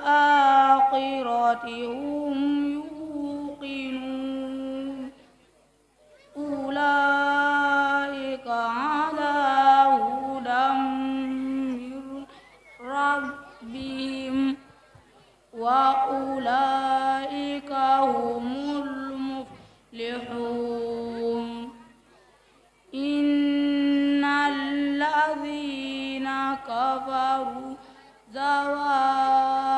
الآخرة هم يوقنون أولئك على هدى من ربهم وأولئك هم المفلحون إن الذين كفروا زوال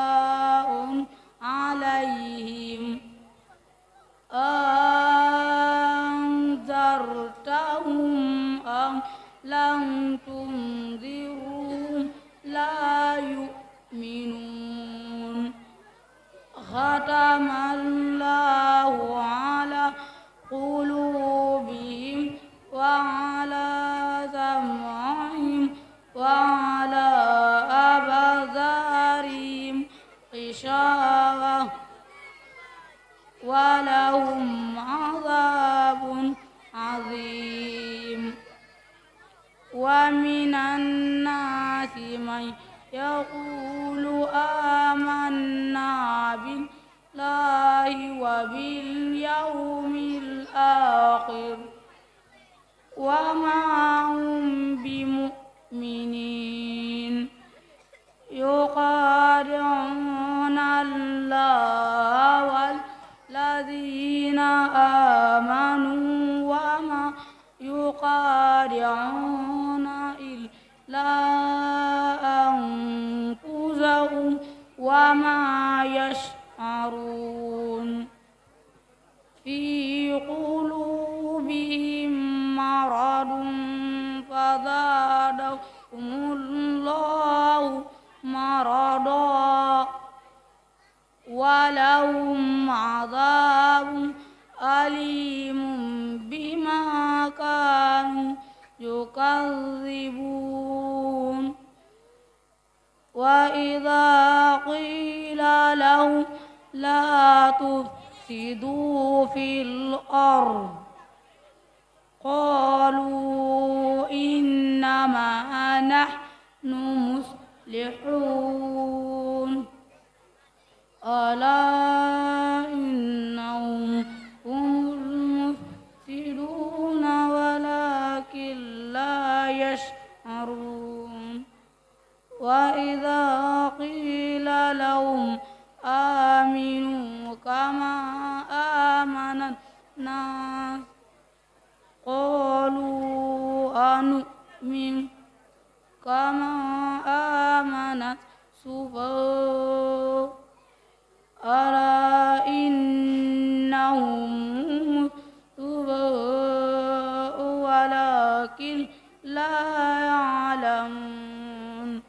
ختم الله على قلوبهم وعلى سمعهم وعلى أبصارهم غشاوة ولهم عذاب عظيم ومن الناس يقول آمنا بالله الله وباليوم الآخر وما هم بمؤمنين يقارعون الله والذين آمنوا وما يقارعون إلا أنفسهم وما يشتهون يسحرون في قلوبهم مرض فزادهم الله مرضا ولهم عذاب أليم بما كانوا يكذبون وإذا قيل لهم لا تفسدوا في الأرض قالوا إنما نحن مصلحون ألا إنهم هم المفسدون ولكن لا يشعرون وإذا قيل لهم آمنوا كما آمن الناس قالوا أنؤمن كما آمنت سبأ أرى إنهم سفهاء ولكن لا يعلمون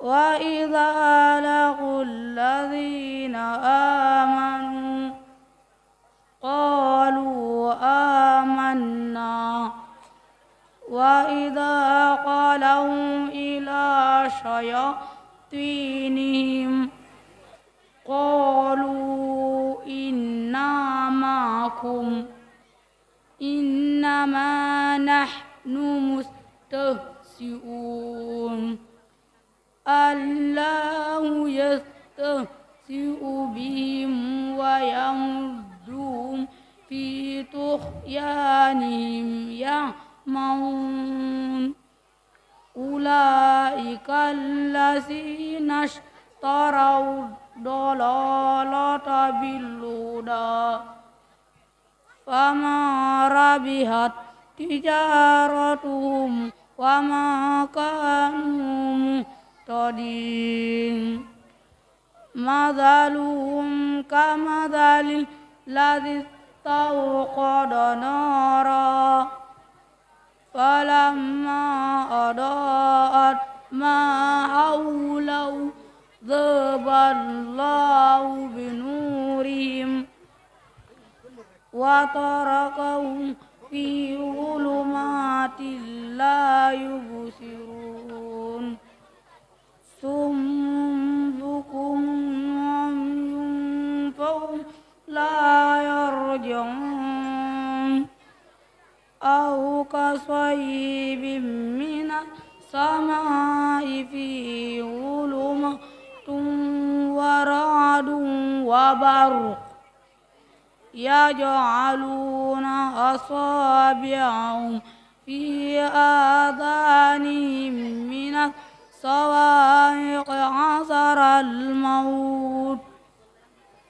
وإذا لقوا الذين آمنوا قالوا آمنا وإذا قالوا إلى شياطينهم قالوا إنا معكم إنما نحن مستهزئون الله يستهزئ يستهزئ بهم ويمدهم في طغيانهم يعمون أولئك الذين اشتروا الضلالة بالهدى فما ربحت تجارتهم وما كانوا مهتدين مثلهم كمثل الذي استوقد نارا فلما أضاءت ما حوله ذهب الله بنورهم وتركهم في ظلمات لا يبصرون ثم وهم ينفون لا يرجعون أو كصيب من السماء فيه ظلمات ورعد وبرق يجعلون أصابعهم في آذانهم من السماء الصواعق عصر الموت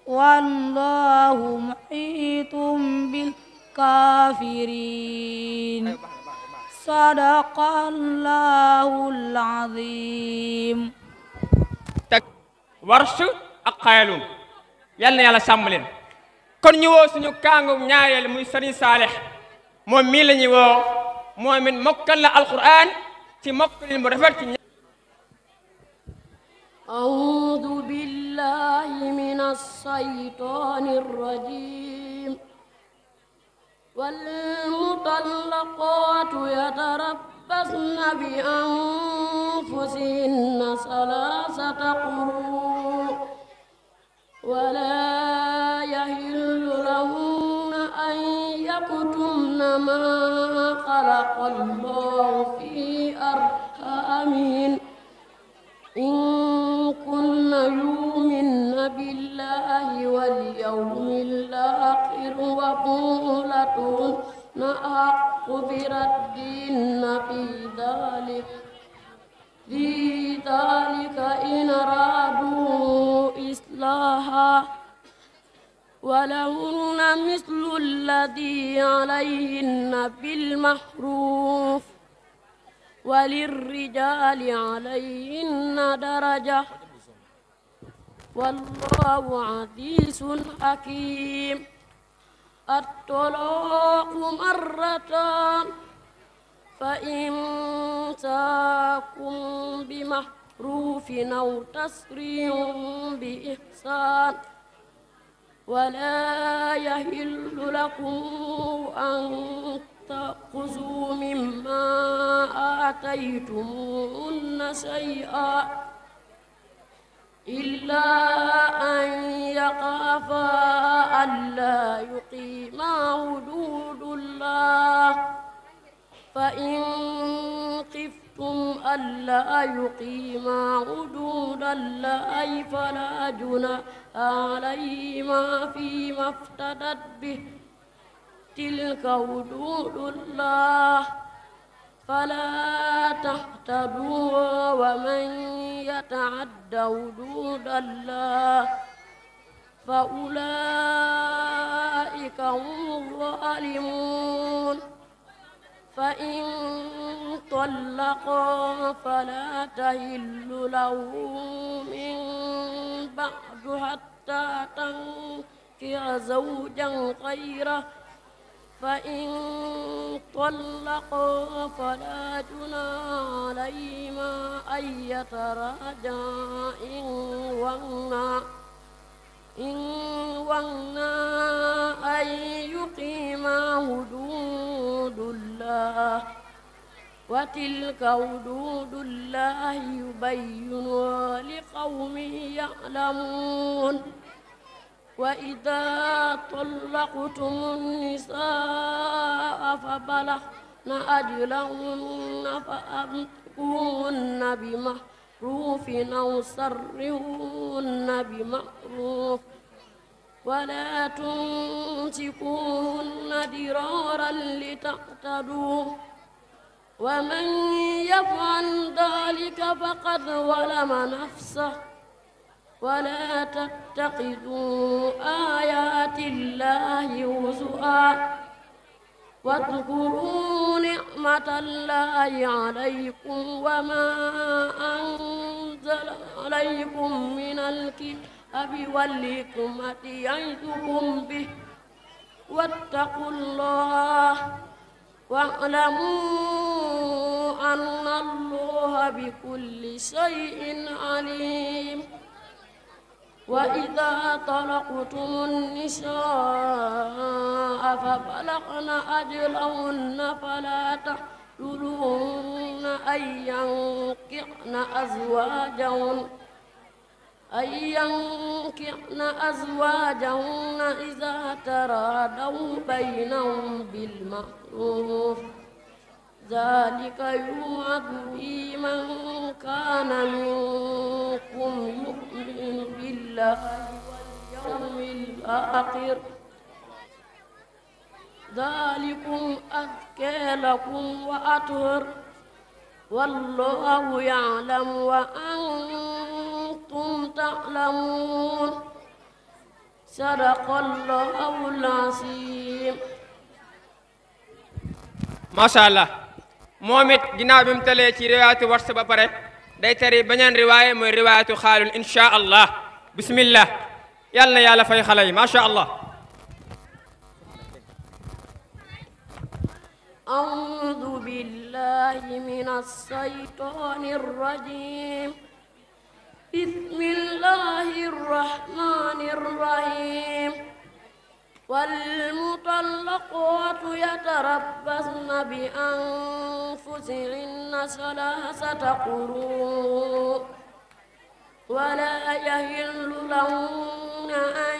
والله محيط بالكافرين صدق الله العظيم تك ورش اقالون يلا يلا ساملين كون نيو سونو كانغو نياريل موي سيرين صالح مو مي لا نيو مؤمن مكن القران تي مكن مو أعوذ بالله من الشيطان الرجيم والمطلقات يتربصن بأنفسهن ثلاثة قروء ولا يهل لهن أن يكتمن ما خلق الله في أرحامهن وقولة ما حق برد في ذلك في ذلك إن أرادوا إصلاحا ولهن مثل الذي عليهن بالمحروف وللرجال عليهن درجة والله عزيز حكيم الطلاق مرتان فإن تاكم بمحروف أو تسري بإحسان ولا يهل لكم أن تأخذوا مما آتيتمون شيئا إلا أن يخافا ألا يقيما حدود الله فإن خفتم ألا يقيما حدود الله فلا جناح عليهما فيما افتدت به تلك حدود الله فلا تهتدوا ومن يتعد حدود الله فأولئك هم الظالمون فإن طلقوا فلا تهل له من بعد حتى تنكر زوجا غيره فإن طلقوا فلا جنى عليهما أن يتراجعا إن وهنا إن وهنا أن يقيما حدود الله وتلك حدود الله يبينها لقوم يعلمون وإذا طلقتم النساء فبلغن أجلهن فأمسكوهن بمعروف أو سرهن بمعروف ولا تمسكوهن درارا لتعتدوا ومن يفعل ذلك فقد ظلم نفسه ولا تتخذوا آيات الله هزؤا واذكروا نعمة الله عليكم وما أنزل عليكم من الكتاب والحكمة يعظكم به واتقوا الله واعلموا أن الله بكل شيء عليم وإذا طلقتم النساء فبلغن أجلهن فلا تحجلوهن أن ينكحن أزواجهن أن ينكحن أزواجهن إذا ترادوا بينهم بالمعروف ذلك يوعظ به من كان منكم يؤمن بالله واليوم الآخر ذلكم أذكى لكم وأطهر والله يعلم وأنتم تعلمون صدق الله العظيم ما شاء الله موميت جناب امتلي تي روايات ورس بباري داي تري بنيان رواية موي روايات خالون إن شاء الله بسم الله يالنا يالا فاي خلاي ما شاء الله أعوذ بالله من الشيطان الرجيم بسم الله الرحمن الرحيم والمطلقات يتربصن بأنفسهن ثلاثة قروء ولا يهل لهن أن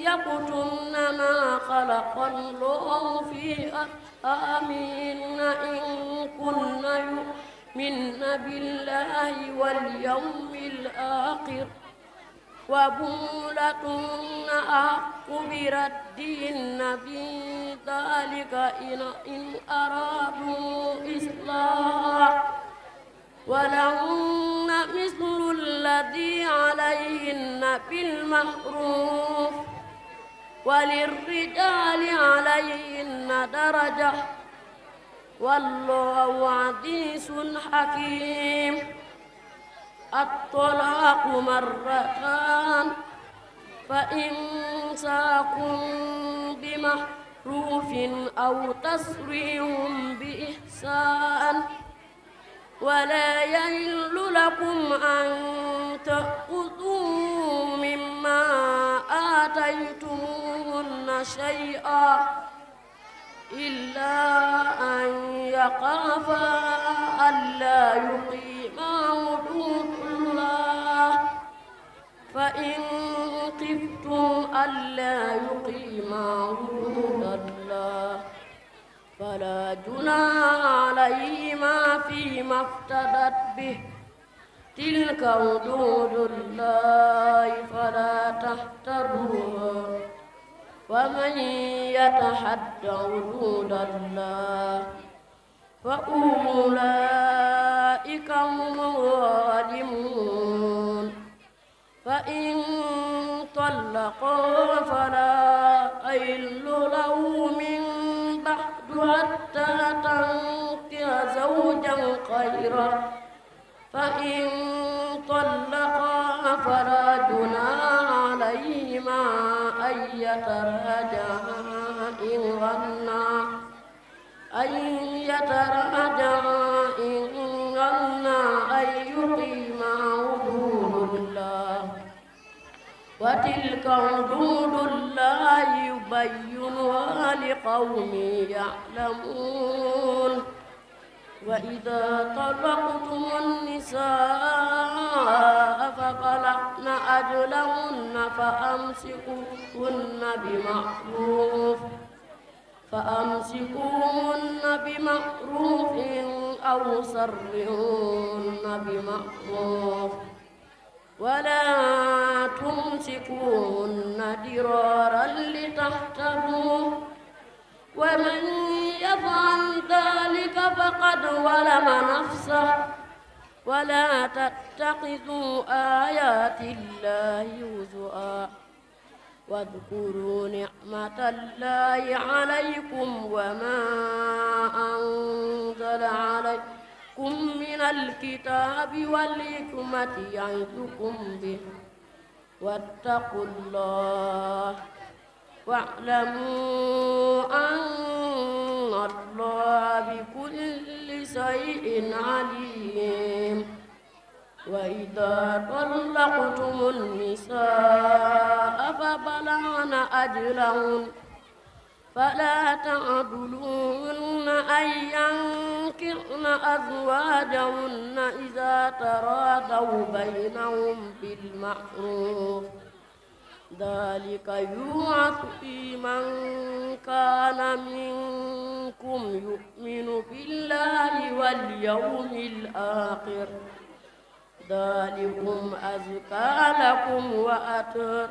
يقتلن ما خلق الله في أرحامهن إن كن يؤمن بالله واليوم الآخر وبولتهن أحق بردهن في ذلك إن, إن أرادوا إصلاح ولهن مثل الذي عليهن بالمعروف وللرجال عليهن درجة والله عزيز حكيم الطلاق مرتان فإمساك بمحروف أو تسريح بإحسان ولا يحل لكم أن تأخذوا مما آتيتموهن شيئا إلا أن يخافا ألا يقيما حدود الله فإن خفتم ألا يقيما حدود الله فلا جناح عليهما فيما افتدت به تلك حدود الله فلا تحتروها ومن يتحدى حدود الله فأولئك أولئك الظالمون فإن طلقوا فلا أيل له من بعد حتى تنقي زوجا خيرا فإن طلقا فلا جناح عليهما أن يتراجعا إن غنى أن يتراجعا حدود الله يبينها لقوم يعلمون وإذا طلقتم النساء فطلقن أجلهن فأمسكوهن بمعروف فأمسكوهن بمعروف أو سرهن بمعروف ولا تمسكوهن درارا لتحتبوا ومن يفعل ذلك فقد ظلم نفسه ولا تتخذوا آيات الله هزؤا واذكروا نعمة الله عليكم وما أنزل عليكم يأتكم من الكتاب والحكمة يعظكم به واتقوا الله واعلموا أن الله بكل شيء عليم وإذا طلقتم النساء فبلغن أجلهن فلا تعضلوهن أن ينكحن أزواجهن إذا تراضوا بينهم بالمعروف ذلك يوعظ من كان منكم يؤمن بالله واليوم الآخر ذلكم أزكى لكم وأتر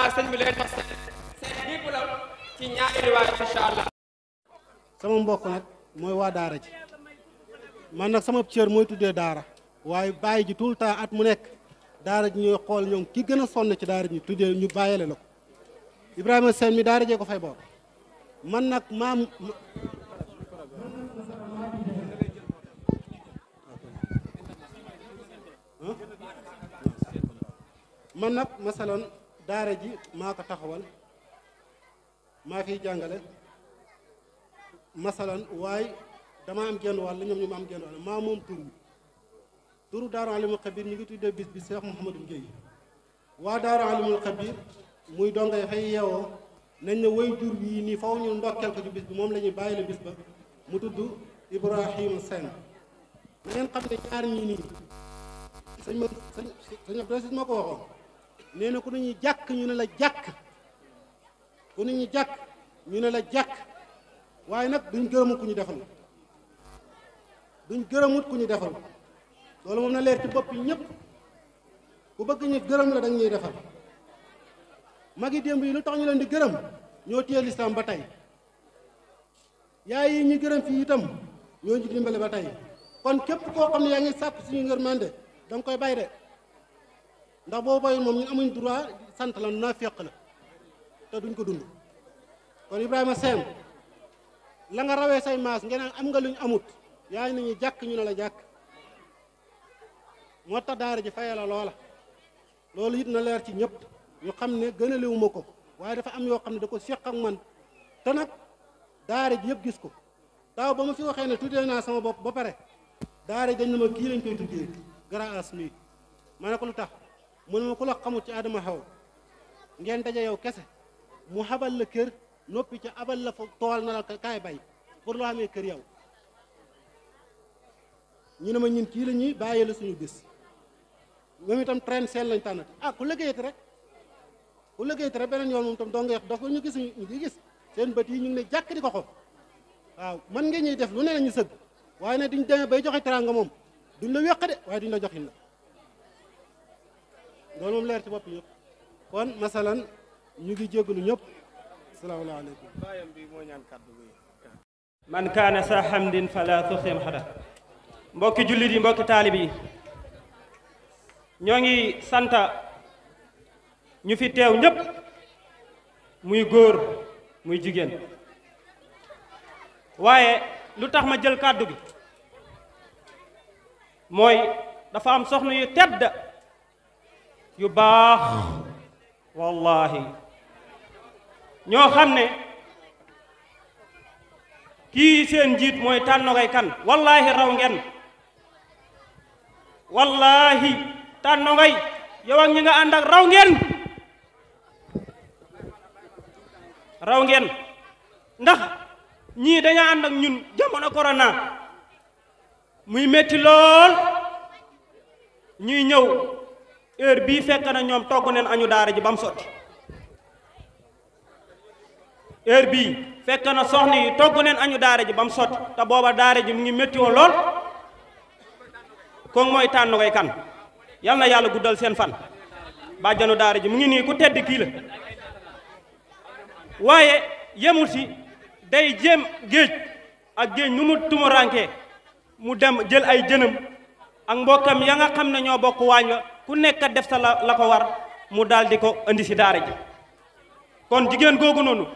naa sama mbokk nag mooy waa daara ji man nag sama cër mooy tuddee daara waaye bàyyi ji tout le temps at mu nekk daara ji ñooy xool ñoom ki gën a sonn ci daara ji ñu tuddee ñu bàyyele la ko Ibrahima Sène mi daara jee ko fay boor man nag maam. man nag masalan daara ji maa ko taxawal maa fiy jàngale masalan waaye dama am genn wàll ñoom ñu ma am genn wàll maa moom tur bi turu Daara Alimul Xabir ñu ngi tuddee bis bi seex Mouhamadou Gueye waa Daara Alimul Xabir muy dongay fay yeewoo nañ ne way jur yi nii faw ñu ndokkeel ko ci bis bi moom lañuy ñuy bàyyi la bis ba mu tudd Ibrahima Sène na xam ne ñaar ñii nii sëñ ma sëñ sëñ ma ko waxoon nee na ku nañu jàkk ñu ne la jàkk ku nañu jàkk ñu ne la jàkk waaye nag duñ gërëmut ku ñu defal duñ gërëmut ku ñu defal loolu moom na leer ci bopp yi ñépp ku bëgg ñu gërëm la dañ ñuy defal yi démb yi lu tax ñu leen di gërëm ñoo téye lislaam ba tey yaay yi ñu gërëm fii itam ñoo ñu dimbale ba tey kon képp koo xam ne yaa ngi sàpp suñu ngërmande danga koy bay de ndax boo bàyyi moom ñu amuñ droit sant la naa féq la te duñ ko dund kon Ibrahima Sène la nga rawee say maas ngeneen am nga luñ amut yaa ngi nañu jàkk ñu ne la jàkk moo tax daara ji faye la loola loolu it na leer ci ñëpp ñu xam ne gën ko waaye dafa am yoo xam ne da ko séq ak man te nag daara ji yëpp gis ko daaw ba ma fi waxee ne tuddee naa sama bopp ba pare daara ji dañ na ma kii lañ koy tuddee Grand As mi ma ne ko lu tax mën ne ma ku la xamut ci aadama xaw ngeen daje yow kese mu xabal la kër noppi ca abal la fa tool na la kaay bay pour loo xamee kër yow ñu ne ma ñun kii la ñuy bàyyi la suñu gis moom itam train seen lañ tànnati ah ku liggéeyati rek ku liggéeyati rek beneen yoon moom itam doo nga yox dof ñu gis ñu ngi gis seen bët yi ñu ngi ne jàkk di ko xool waaw man nga ñuy def lu ne la ñu sëgg waaye ne duñ demee bay joxe teraanga moom duñ la wéq de waaye duñ la joxin la loolu moom leer ci bopp ñëpp kon masalan ñu ngi jégalu ñëpp salaamaaleykum. baayam bi moo ñaan kàddu gi. man kaana sa hamdin mbokki jullit yi mbokki taalib yi ñoo ngi santa ñu fi teew ñëpp muy góor muy jigéen waaye lu tax ma jël kàddu gi mooy dafa am soxna yu tedd yu baax wallahi ñoo xam ne kii seen njiit mooy tànnokoy kan wallahi raw ngeen wallahi tànnokoy yow ak ñi nga ànd raw ngeen raw ngeen ndax ñii dañoo ànd ak ñun jamono corona muy metti lool ñuy ñëw eer bii fekk na ñoom togg neen añu daara ji ba mu sotti heure bii fekk na soxna yi togg neen añu daara ji ba mu sotti te booba daara ji mu ngi métti woon lool kon mooy tànn koy kan yal na yàlla guddal seen fan bàjjanu daara ji mu ngi nii ku tedd kii waaye yemul si day jéem géej ak géej nu mu tumurankee mu dem jël ay jënam ak mbokkam ya nga xam ne ñoo bokk waañ wa ku nekk def sa la la ko war mu daldi di ko indi si daara ji kon jigéen googu noonu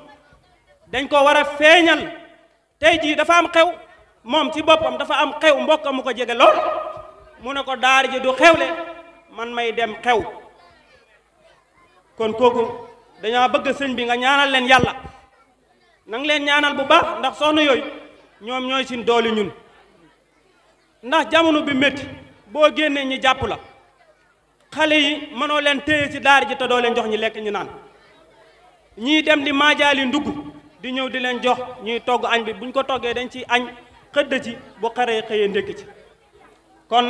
dañ ko war a feeñal tey jii dafa am xew moom ci boppam dafa am xew mbokkam mu ko jege lool mu ne ko daara ji du xewle man may dem xew kon kooku dañaa bëgg sëñ bi nga ñaanal leen yàlla nang leen ñaanal bu baax ndax soxna yooyu ñoom ñooy sin doole ñun ndax jamono bi metti boo génnee ñi jàpp la xale yi mënoo leen téye ci daara ji te doo leen jox ñi lekk ñu naan ñii dem di maajaali ndugg di ñëw di leen jox ñuy togg añ bi buñ ko toggee dañ ci añ xëdd ci bu xaree xëyee ndékk ci kon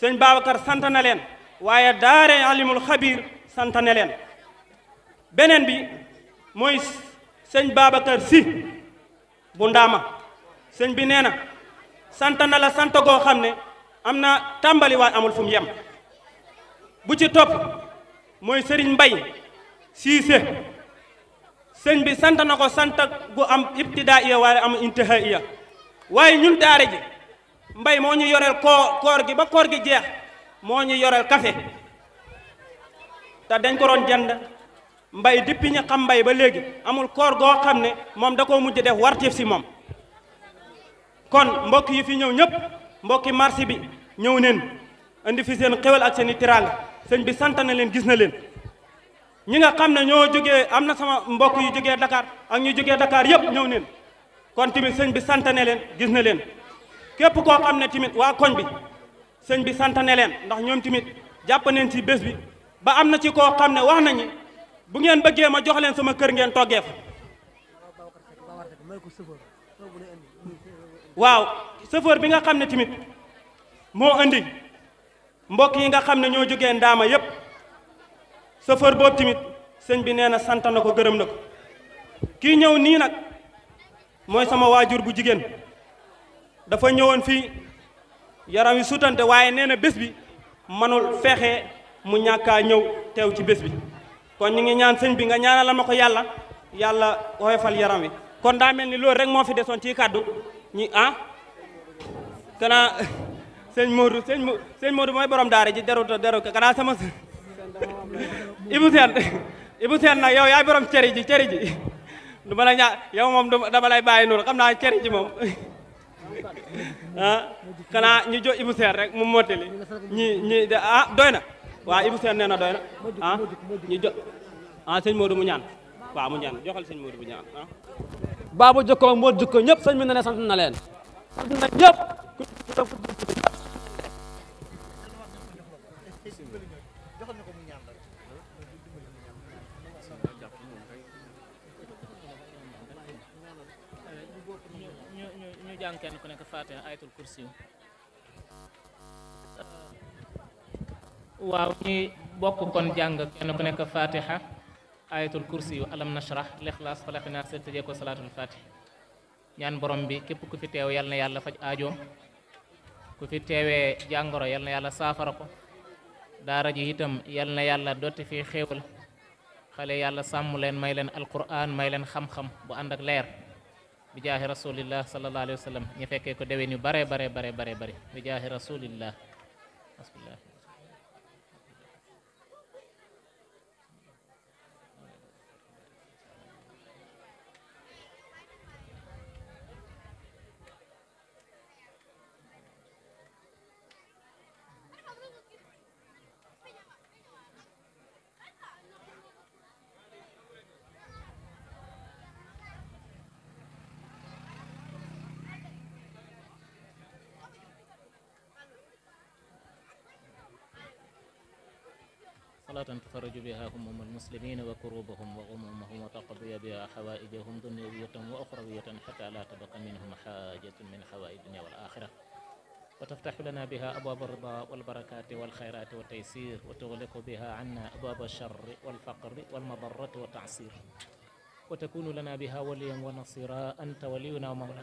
sëñ Babacar sant na leen waaye daare alimul xabiir sant na leen beneen bi mooy sëñ Babacar si bu ndaama sëñ bi nee na sant na la sant goo xam ne am na tàmbaliwaat amul fu mu yem bu ci topp mooy sëriñ mbay siise sëñ bi sant na ko santa gu am ibtidaaiya waaye am intihaaiya waaye ñun daara ji mbay moo ñu yoreel koor gi ba koor gi jeex moo ñu yoreel kafe te dañ ko doon jënd mbay dippi ñu xam mbay ba léegi amul koor goo xam ne moom da koo mujj def war wartif si moom kon mbokk yi fi ñëw ñëpp mbokki marché bi ñëw neen indi fi seen xewal ak seen i tiraanga sëñ bi sant na leen gis na leen ñi nga xam ne ñoo jóge am na sama mbokk yu jógee dakaar ak ñu jógee dakaar yëpp ñëw neen kon tamit sëñ bi sant na leen gis na leen képp ko xam ne tamit waa koñ bi sëñ bi sant na leen ndax ñoom tamit jàpp nañ ci bés bi ba am na ci ko xam ne wax nañu bu ngeen bëggee ma jox leen sama kër ngeen toggee waaw chauffeur bi nga xam ne tamit moo indi mbokk yi nga xam ne ñoo jógee ndaama yépp chauffeur boobu tamit sëñ bi nee na sant na ko gërëm na ko kii ñëw nii nag mooy sama waajur bu jigéen dafa ñëwoon fii yaram wi sutante waaye nee na bés bi manul fexe mu ñàkkaa ñëw teew ci bés bi kon ñu ngi ñaan sëñ bi nga ñaanal ma ko yàlla yàlla woyofal yaram wi kon daa mel ni loolu rek moo fi desoon ci kàddu ñi ah kanaa sëñ Modou sëñ Modou sëñ Modou mooy borom daara ji deru deru kanaa sama Ibou ibu Ibou ibu nag yow yaay borom ceri ji ceriji, ji du ma la ñaa yow moom dama lay bàyyi noonu xam naa ceri ji moom ah xanaa ñu jo Ibou rek mu mottali ñi ñi ah doy na waaw Ibou Sène nee na doy ah ñu jo ah sëñ Modou mu ñaan waaw mu ñaan joxal sëñ Modou mu ñaan ah Babou Jokko Modou Jokko ñëpp sëñ bi ne sant na leen sant na jàng kenn ku nekk Fatiha ayatul kursi waaw ñuy bokk kon jàng kenn ku nekk Fatiha ayatul kursi salaatul fatih ñaan borom bi képp ku fi teew yal yàlla faj aajoom ku fi teewee jàngoro yal yàlla saafara ko daara ji itam yal na yàlla dotti fi xéewal xale yàlla sàmm leen may leen alquran may leen xam-xam bu ànd ak leer bi jaahi rasulillah sallallahu alayhi wa sallam ñu fekkee ko déwén yu bare bare bare bare bare bi jaahi rasulillah صلاة تفرج بها هموم المسلمين وكروبهم وغمومهم وتقضي بها حوائجهم دنيوية وأخروية حتى لا تبقى منهم حاجة من حوائج الدنيا والآخرة وتفتح لنا بها أبواب الرضا والبركات والخيرات والتيسير وتغلق بها عنا أبواب الشر والفقر والمضرة والتعسير وتكون لنا بها وليا ونصيرا أنت ولينا ومولانا